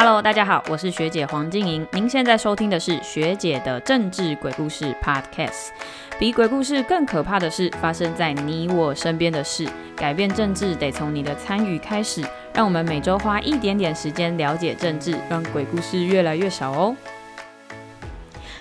Hello，大家好，我是學姐黃瀞瑩。您現在收聽的是學姐的政治鬼故事 Podcast。比鬼故事更可怕的是發生在你我身邊的事。改變政治得從你的參與開始。讓我們每周花一點點時間了解政治，讓鬼故事越來越少哦。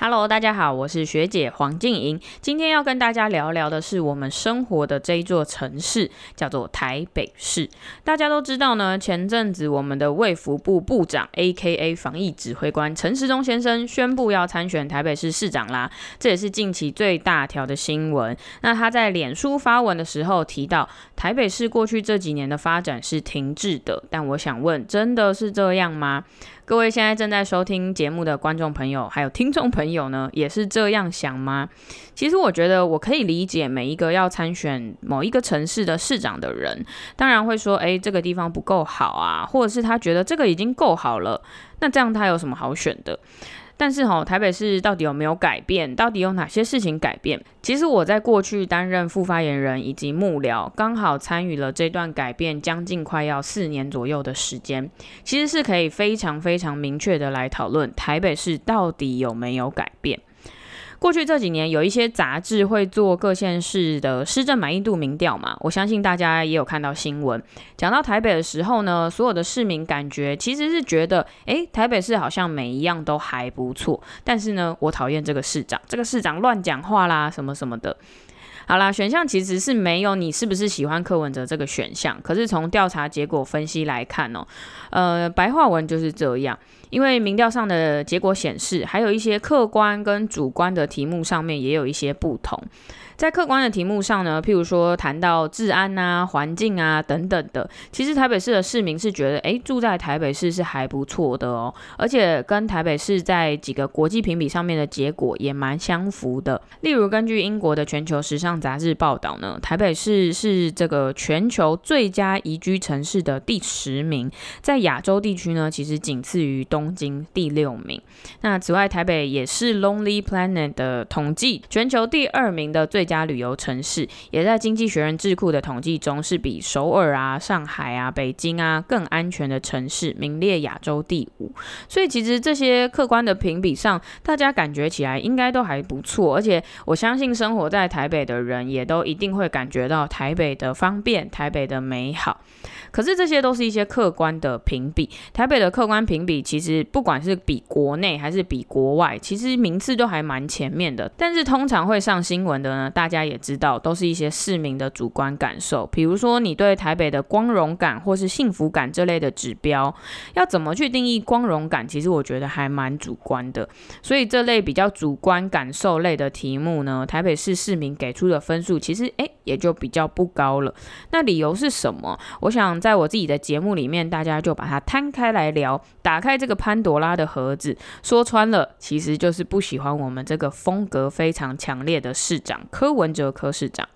Hello，大家好，我是學姐黃瀞瑩。今天要跟大家聊聊的是我們生活的這一座城市，叫做台北市。大家都知道呢，前陣子我們的衛福部部長，AKA 防疫指揮官陳時中先生宣布要參選台北市市長啦，這也是近期最大條的新聞。那他在臉書發文的時候提到，台北市過去這幾年的發展是停滯的，但我想問，真的是這樣嗎？各位現在正在收聽節目的觀眾朋友，還有聽眾朋友呢，也是這樣想嗎？其實我覺得我可以理解每一個要參選某一個城市的市長的人，當然會說，誒、欸，這個地方不夠好啊，或者是他覺得這個已經夠好了，那這樣他有什麼好選的？但是齁，台北市到底有沒有改變？到底有哪些事情改變？其實我在過去擔任副發言人以及幕僚，剛好參與了這段改變將近快要四年左右的時間，其實是可以非常非常明確的來討論台北市到底有沒有改變。過去這幾年，有一些雜誌會做各縣市的施政滿意度民調嘛，我相信大家也有看到新聞。講到台北的時候呢，所有的市民感覺其實是覺得，誒、欸，台北市好像每一樣都還不錯，但是呢，我討厭這個市長，這個市長亂講話啦，什麼什麼的。好啦，選項其實是沒有你是不是喜歡柯文哲這個選項，可是從調查結果分析來看哦、喔，呃，白話文就是這樣。因為民調上的結果顯示，還有一些客觀跟主觀的題目上面也有一些不同。在客觀的題目上呢，譬如說談到治安啊、環境啊等等的，其實台北市的市民是覺得，誒，住在台北市是還不錯的哦。而且跟台北市在幾個國際評比上面的結果也蠻相符的。例如，根據英國的全球時尚雜志報道呢，台北市是這個全球最佳宜居城市的第十名，在亞洲地區呢，其實僅次於東。東京第六名。那此外，台北也是 Lonely Planet 的統計全球第二名的最佳旅遊城市，也在經濟學人智庫的統計中是比首爾啊、上海啊、北京啊更安全的城市，名列亞洲第五。所以其實這些客觀的評比上，大家感覺起來應該都還不錯。而且我相信生活在台北的人也都一定會感覺到台北的方便、台北的美好。可是這些都是一些客觀的評比，台北的客觀評比其實。是不管是比國內還是比國外，其實名次都還蠻前面的。但是通常會上新聞的呢，大家也知道，都是一些市民的主觀感受，比如說你對台北的光榮感或是幸福感這類的指標，要怎麼去定義光榮感？其實我覺得還蠻主觀的。所以這類比較主觀感受類的題目呢，台北市市民給出的分數其實誒、欸、也就比較不高了。那理由是什麼？我想在我自己的節目裡面，大家就把它攤開來聊，打開這個。潘多拉的盒子，說穿了，其實就是不喜歡我們這個風格非常強烈的市長，柯文哲柯市長。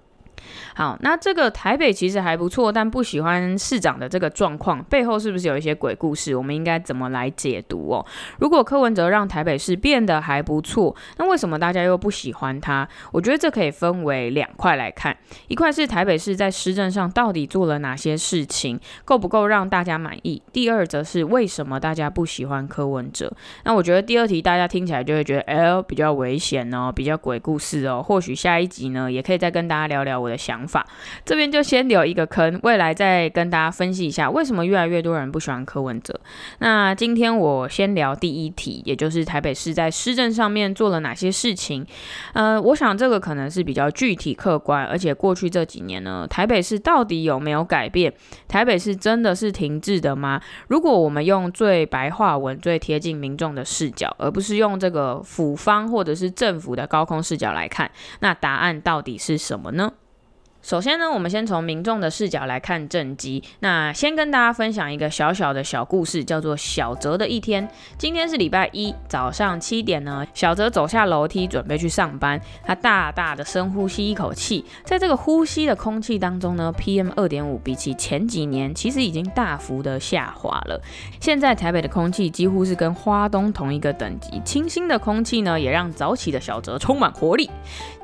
好，那這個台北其實還不錯，但不喜歡市長的這個狀況背後是不是有一些鬼故事？我們應該怎麼來解讀哦？如果柯文哲讓台北市變得還不錯，那為什麼大家又不喜歡他？我覺得這可以分為兩塊來看：一塊是台北市在施政上到底做了哪些事情，夠不夠讓大家滿意；第二則是為什麼大家不喜歡柯文哲。那我覺得第二題大家聽起來就會覺得 L、哎、比較危險哦，比較鬼故事哦。或許下一集呢，也可以再跟大家聊聊我的想法，這邊就先留一個坑，未來再跟大家分析一下為什麼越來越多人不喜歡柯文哲。那今天我先聊第一題，也就是台北市在施政上面做了哪些事情。呃，我想這個可能是比較具體客觀，而且過去這幾年呢，台北市到底有沒有改變？台北市真的是停滯的嗎？如果我們用最白話文、最貼近民眾的視角，而不是用這個府方或者是政府的高空視角來看，那答案到底是什麼呢？首先呢，我們先從民眾的視角來看政績。那先跟大家分享一個小小的小故事，叫做小澤的一天。今天是禮拜一，早上七點呢，小澤走下樓梯準備去上班。他大大的深呼吸一口氣，在這個呼吸的空氣當中呢，PM 2.5比起前幾年其實已經大幅的下滑了。現在台北的空氣幾乎是跟花東同一個等級，清新的空氣呢，也讓早起的小澤充滿活力。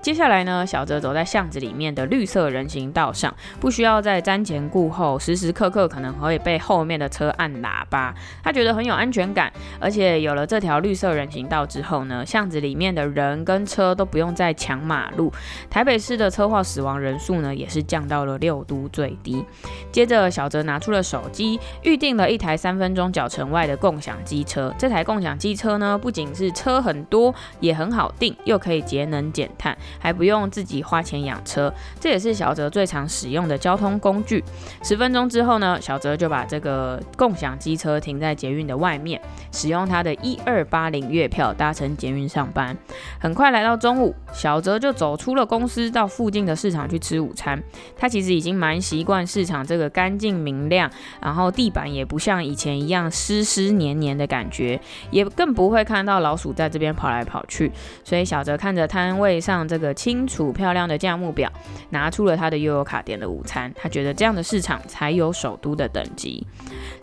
接下來呢，小澤走在巷子裡面的綠色。人行道上不需要再瞻前顧後，時時刻刻可能會被後面的車按喇叭，他覺得很有安全感。而且有了這條綠色人行道之後呢，巷子裡面的人跟車都不用再搶馬路。台北市的車禍死亡人數呢，也是降到了六都最低。接着小澤拿出了手機，預訂了一台三分鐘腳程外的共享機車。這台共享機車呢，不僅是車很多，也很好訂，又可以節能減碳，還不用自己花錢養車，這也是。小澤最常使用的交通工具。十分鐘之後呢，小澤就把這個共享機車停在捷運的外面，使用他的1280月票搭乘捷運上班。很快來到中午，小澤就走出了公司，到附近的市場去吃午餐。他其實已經蠻習慣市場這個乾淨明亮，然後地板也不像以前一樣濕濕黏黏的感覺，也更不會看到老鼠在這邊跑來跑去。所以小澤看着攤位上這個清楚漂亮的價目表，拿出。他的悠悠卡點的午餐，他覺得這樣的市場才有首都的等級。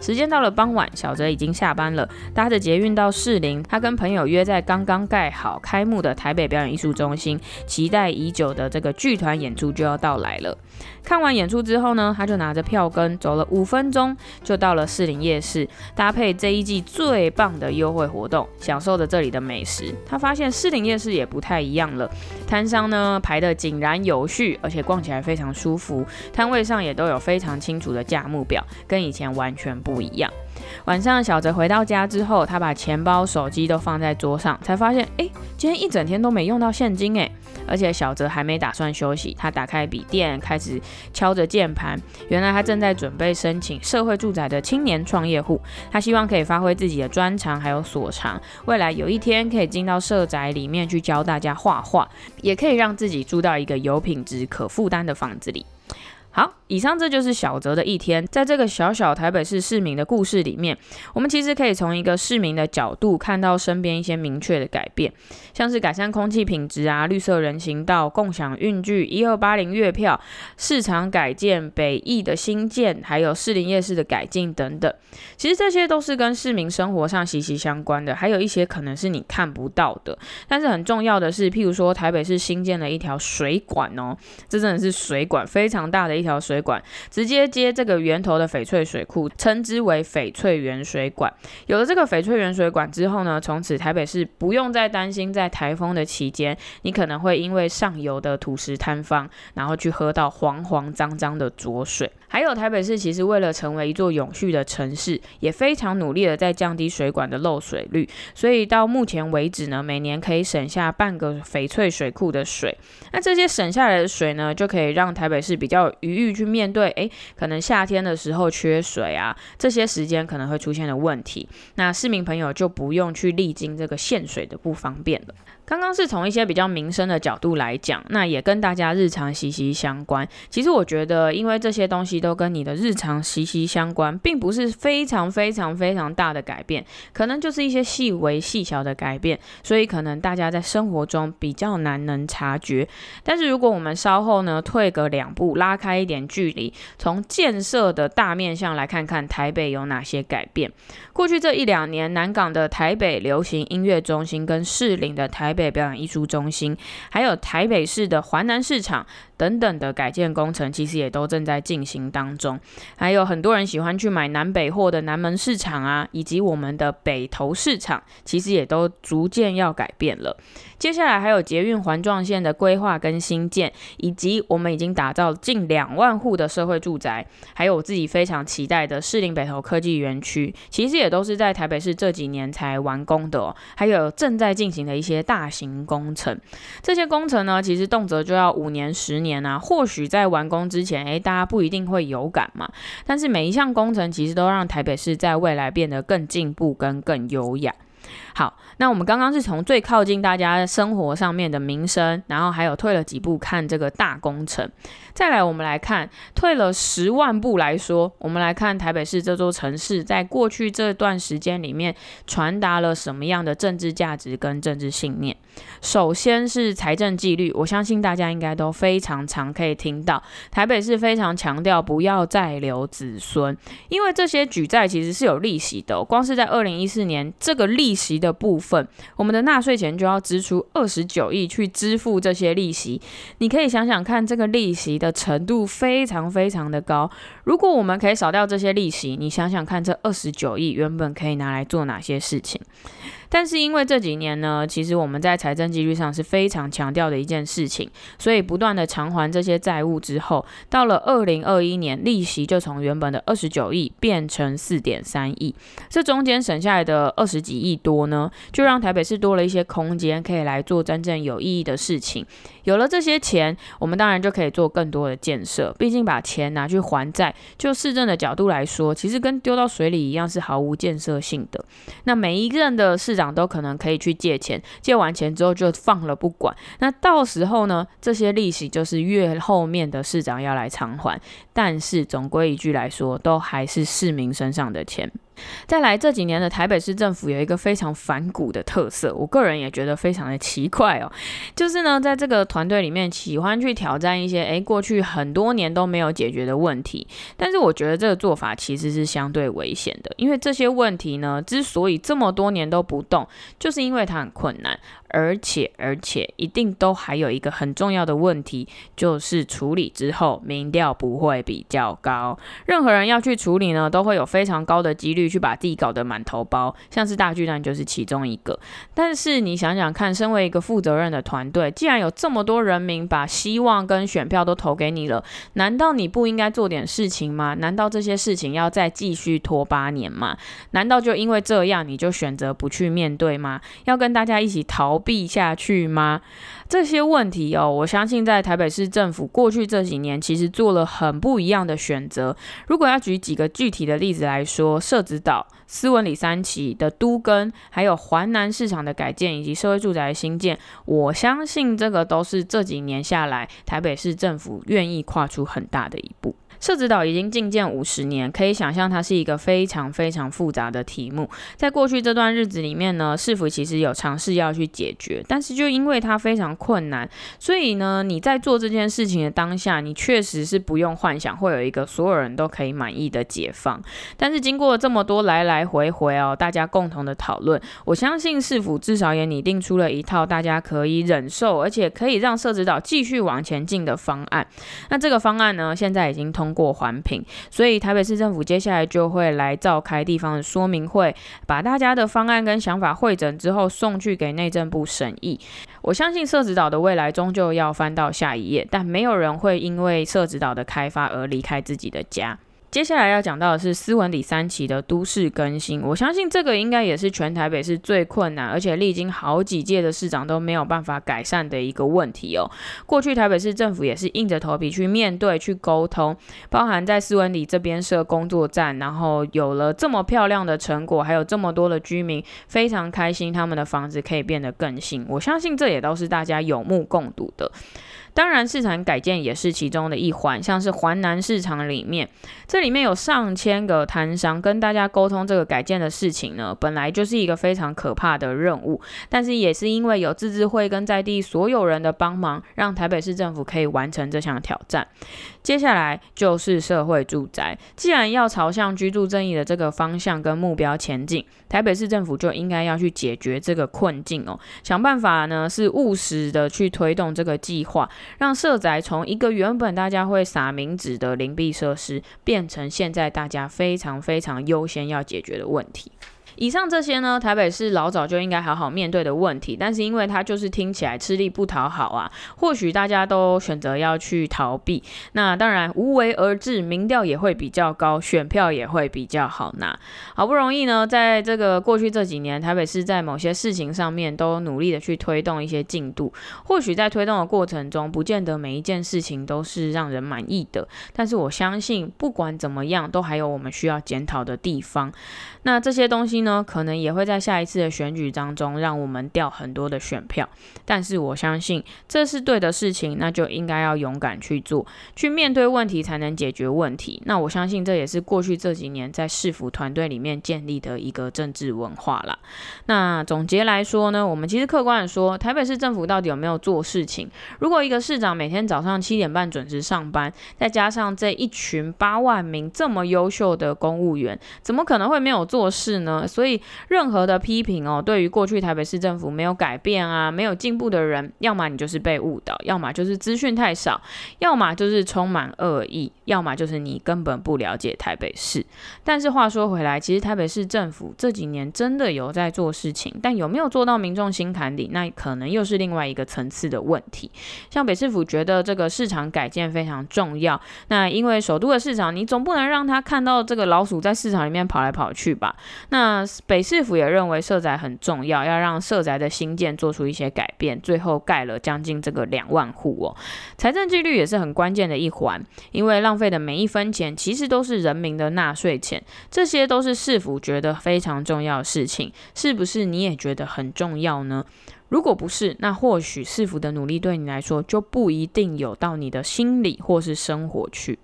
時間到了傍晚，小澤已經下班了，搭着捷運到士林，他跟朋友約在剛剛蓋好開幕的台北表演藝術中心，期待已久的這個劇團演出就要到來了。看完演出之後呢，他就拿着票根走了五分鐘，就到了士林夜市，搭配這一季最棒的優惠活動，享受着這裡的美食。他發現士林夜市也不太一樣了，攤商呢排得井然有序，而且逛起來非常舒服，攤位上也都有非常清楚的價目表，跟以前完全不一樣。晚上，小澤回到家之後，他把錢包、手機都放在桌上，才發現，哎，欸，今天一整天都沒用到現金，欸，誒，而且小澤還沒打算休息，他打開筆電，開始敲着鍵盤。原來他正在準備申請社會住宅的青年創業戶，他希望可以發揮自己的專長還有所長，未來有一天可以進到社宅裡面去教大家畫畫，也可以讓自己住到一個有品質可負擔的房子裡。好，以上這就是小澤的一天。在這個小小台北市市民的故事裡面，我們其實可以從一個市民的角度看到身邊一些明確的改變，像是改善空氣品質啊、綠色人行道、共享運具、一二八零月票、市場改建、北藝的新建，還有士林夜市的改進等等。其實這些都是跟市民生活上息息相關的，還有一些可能是你看不到的。但是很重要的是，譬如說台北市新建了一條水管哦、喔，這真的是水管非常大的一。條水管直接接這個源頭的翡翠水庫，稱之為翡翠原水管。有了這個翡翠原水管之後呢，從此台北市不用再擔心在台風的期間，你可能會因為上游的土石坍方，然後去喝到黃黃髒髒的濁水。還有台北市，其實為了成為一座永續的城市，也非常努力地在降低水管的漏水率。所以到目前為止呢，每年可以省下半個翡翠水庫的水。那這些省下來的水呢，就可以讓台北市比較有餘裕去面對，誒，可能夏天的時候缺水啊，這些時間可能會出現的問題。那市民朋友就不用去歷經這個限水的不方便了。剛剛是從一些比較民生的角度來講，那也跟大家日常息息相關。其實我覺得，因為這些東西都跟你的日常息息相關，並不是非常非常非常大的改變，可能就是一些細微細小的改變，所以可能大家在生活中比較難能察覺。但是如果我們稍後呢退個兩步，拉開一點距離，從建設的大面向來看看台北有哪些改變。過去這一兩年，南港的台北流行音樂中心跟士林的台北表演藝術中心，還有台北市的環南市場等等的改建工程，其實也都正在進行當中。還有很多人喜歡去買南北貨的南門市場啊，以及我們的北投市場，其實也都逐漸要改變了。接下來還有捷運環狀線的規劃跟新建，以及我們已經打造近兩萬戶的社會住宅，還有我自己非常期待的士林北投科技園區，其實也都是在台北市這幾年才完工的哦。還有正在進行的一些大大型工程，這些工程呢，其實動輒就要五年、十年啊。或許在完工之前，哎、欸，大家不一定會有感嘛。但是每一項工程，其實都讓台北市在未來變得更進步、跟更優雅。好，那我們剛剛是從最靠近大家生活上面的民生，然後還有退了幾步看這個大工程，再來我們來看退了十萬步來說，我們來看台北市這座城市在過去這段時間裡面傳達了什麼樣的政治價值跟政治信念。首先是財政紀律，我相信大家應該都非常常可以聽到，台北市非常強調不要再留子孫，因為這些舉債其實是有利息的，哦，光是在二零一四年這個利息。的部分，我們的納稅錢就要支出二十九億去支付這些利息。你可以想想看，這個利息的程度非常非常的高。如果我們可以少掉這些利息，你想想看，這二十九億原本可以拿來做哪些事情？但是因為這幾年呢，其實我們在財政紀律上是非常強調的一件事情，所以不斷的償還這些債務之後，到了二零二一年，利息就從原本的二十九億變成四點三億，這中間省下來的二十幾億多呢，就讓台北市多了一些空間，可以來做真正有意義的事情。有了這些錢，我們當然就可以做更多的建設。畢竟把錢拿去還債，就市政的角度來說，其實跟丟到水裡一樣，是毫無建設性的。那每一任的市長，都可能可以去借錢，借完錢之後就放了不管。那到時候呢，這些利息就是越後面的市長要來償還。但是總歸一句來說，都還是市民身上的錢。再來這幾年的台北市政府有一個非常反骨的特色，我個人也覺得非常的奇怪哦。就是呢，在這個團隊裡面，喜歡去挑戰一些誒、欸、過去很多年都沒有解決的問題。但是我覺得這個做法其實是相對危險的，因為這些問題呢，之所以這麼多年都不動，就是因為它很困難。而且而且，一定都還有一個很重要的問題，就是處理之後民調不會比較高。任何人要去處理呢，都會有非常高的幾率去把自己搞得滿頭包，像是大巨蛋就是其中一個。但是你想想看，身為一個負責任的團隊，既然有這麼多人民把希望跟選票都投給你了，難道你不應該做點事情嗎？難道這些事情要再繼續拖八年嗎？難道就因為這樣你就選擇不去面對嗎？要跟大家一起逃？逃避下去嗎？這些問題哦，我相信在台北市政府過去這幾年，其實做了很不一樣的選擇。如果要舉幾個具體的例子來說，社子島、斯文里三期的都更還有環南市場的改建以及社會住宅的興建，我相信這個都是這幾年下來台北市政府願意跨出很大的一步。社子島已經禁建五十年，可以想象它是一個非常非常複雜的題目。在過去這段日子裡面呢，市府其實有嘗試要去解。解決，但是就因為它非常困難，所以呢，你在做這件事情的當下，你確實是不用幻想會有一個所有人都可以滿意的解放。但是經過這麼多來來回回哦，大家共同的討論，我相信市府至少也擬定出了一套大家可以忍受，而且可以讓社子島繼續往前進的方案。那這個方案呢，現在已經通過環評，所以台北市政府接下來就會來召開地方的說明會，把大家的方案跟想法彙整之後，送去給內政。不審議，我相信社子島的未來終究要翻到下一頁，但沒有人會因為社子島的開发而離開自己的家。接下來要講到的是斯文里三期的都市更新，我相信這個應該也是全台北市最困難，而且歷經好幾屆的市長都沒有辦法改善的一個問題哦。過去台北市政府也是硬着頭皮去面對、去溝通，包含在斯文里這邊設工作站，然後有了這麼漂亮的成果，還有這麼多的居民非常開心，他們的房子可以變得更新。我相信這也都是大家有目共睹的。當然，市場改建也是其中的一環。像是環南市場裡面，這裡面有上千個攤商，跟大家溝通這個改建的事情呢，本來就是一個非常可怕的任務。但是也是因為有自治會跟在地所有人的幫忙，讓台北市政府可以完成這項挑戰。接下來就是社會住宅，既然要朝向居住正義的這個方向跟目標前進，台北市政府就應該要去解決這個困境哦，想辦法呢，是務實的去推動這個計劃。讓社宅從一個原本大家會撒冥紙的鄰避設施，變成現在大家非常非常優先要解決的問題。以上這些呢，台北市老早就應該好好面對的問題，但是因為它就是聽起來吃力不討好啊，或許大家都選擇要去逃避。那當然無為而治，民調也會比較高，選票也會比較好拿。好不容易呢，在這個過去這幾年，台北市在某些事情上面都努力的去推動一些進度。或許在推動的過程中，不見得每一件事情都是讓人滿意的，但是我相信不管怎麼樣，都還有我們需要檢討的地方。那這些東西呢。呢可能也會在下一次的選舉當中讓我們掉很多的選票，但是我相信這是對的事情，那就應該要勇敢去做，去面對問題才能解決問題。那我相信這也是過去這幾年在市府團隊裡面建立的一個政治文化了。那總結來說呢，我們其實客觀的說，台北市政府到底有沒有做事情？如果一個市長每天早上七點半準時上班，再加上這一群八萬名這麼優秀的公務員，怎麼可能會沒有做事呢？所以，任何的批評哦，對於過去台北市政府沒有改變啊、沒有進步的人，要麼你就是被誤導，要麼就是資訊太少，要麼就是充滿惡意，要麼就是你根本不了解台北市。但是話說回來，其實台北市政府這幾年真的有在做事情，但有沒有做到民眾心坎裡，那可能又是另外一個層次的問題。像北市府覺得這個市場改建非常重要，那因為首都的市場，你總不能讓他看到這個老鼠在市場裡面跑來跑去吧？那。北市府也認為社宅很重要，要讓社宅的新建做出一些改變，最後蓋了將近這個兩萬戶哦。財政紀律也是很關鍵的一環，因為浪費的每一分錢其實都是人民的納稅錢，這些都是市府覺得非常重要的事情，是不是？你也覺得很重要呢？如果不是，那或許市府的努力對你來說就不一定有到你的心裡或是生活去。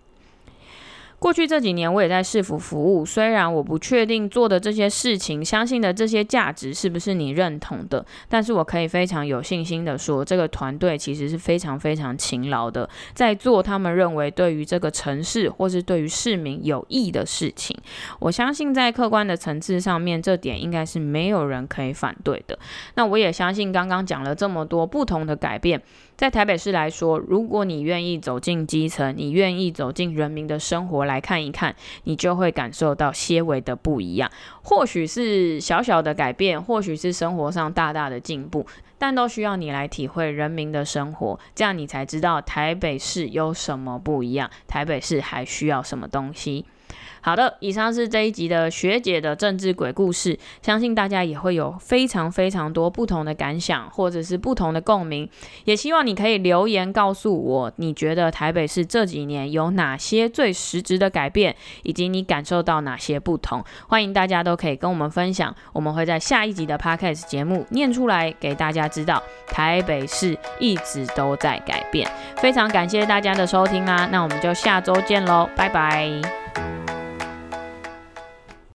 過去這幾年，我也在市府服務。雖然我不確定做的這些事情、相信的這些價值是不是你認同的，但是我可以非常有信心的說，這個團隊其實是非常非常勤勞的，在做他們認為對於這個城市或是對於市民有益的事情。我相信在客觀的層次上面，這點應該是沒有人可以反對的。那我也相信，剛剛講了這麼多不同的改變，在台北市來說，如果你願意走進基層，你願意走進人民的生活來看一看，你就會感受到些微的不一樣。或許是小小的改變，或許是生活上大大的進步，但都需要你來體會人民的生活，這樣你才知道台北市有什麼不一樣，台北市還需要什麼東西。好的，以上是這一集的學姐的政治鬼故事，相信大家也會有非常非常多不同的感想，或者是不同的共鳴。也希望你可以留言告訴我，你覺得台北市這幾年有哪些最實質的改變，以及你感受到哪些不同？歡迎大家都可以跟我們分享，我們會在下一集的 podcast 節目念出來給大家知道。台北市一直都在改變，非常感謝大家的收聽啦、啊，那我們就下周見嘍，拜拜。